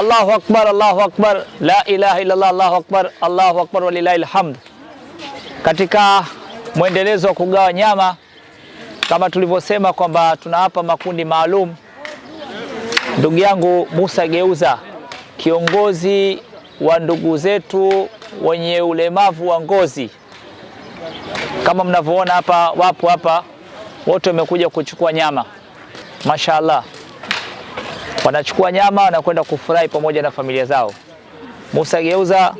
Allahu akbar, Allahu akbar, la ilaha illallah, Allahu akbar, Allahu akbar walillahil hamd. Katika mwendelezo wa kugawa nyama kama tulivyosema kwamba tunawapa makundi maalum, ndugu yangu Musa Geuza, kiongozi wa ndugu zetu wenye ulemavu wa ngozi, kama mnavyoona hapa, wapo hapa wote wamekuja kuchukua nyama, mashaallah wanachukua nyama na kwenda kufurahi pamoja na familia zao. Musa Geuza,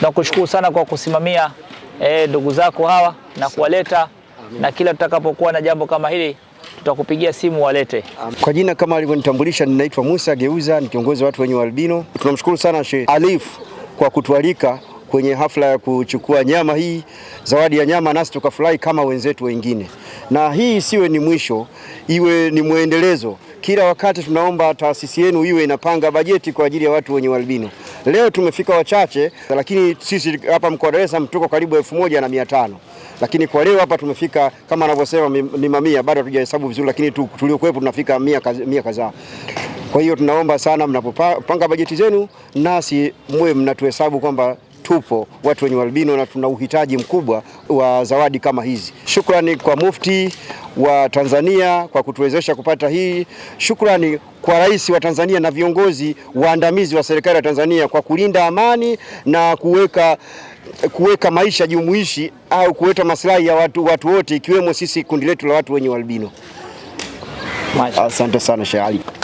nakushukuru sana kwa kusimamia eh, ndugu zako hawa na kuwaleta Na kila tutakapokuwa na jambo kama hili tutakupigia simu walete. Kwa jina kama alivyonitambulisha, ninaitwa Musa Geuza, ni kiongozi wa watu wenye ualbino. Tunamshukuru sana Sheikh Alif kwa kutualika kwenye hafla ya kuchukua nyama hii, zawadi ya nyama, nasi tukafurahi kama wenzetu wengine. Na hii isiwe ni mwisho, iwe ni mwendelezo. Kila wakati tunaomba taasisi yenu iwe inapanga bajeti kwa ajili ya watu wenye ualbino. Leo tumefika wachache, lakini sisi hapa mkoa wa Dar es Salaam tuko karibu elfu moja na mia tano lakini kwa leo hapa tumefika kama anavyosema ni mamia, bado hatujahesabu vizuri, lakini tuliokuwepo tunafika mia, mia kadhaa. Kwa hiyo tunaomba sana mnapopanga bajeti zenu, nasi mwe mnatuhesabu kwamba tupo watu wenye ualbino na tuna uhitaji mkubwa wa zawadi kama hizi. Shukrani kwa Mufti wa Tanzania kwa kutuwezesha kupata hii. Shukrani kwa rais wa Tanzania na viongozi waandamizi wa serikali ya Tanzania kwa kulinda amani na kuweka kuweka maisha jumuishi au kuweta maslahi ya watu watu wote ikiwemo sisi kundi letu la watu wenye ualbino. Asante sana Sheikh Ali.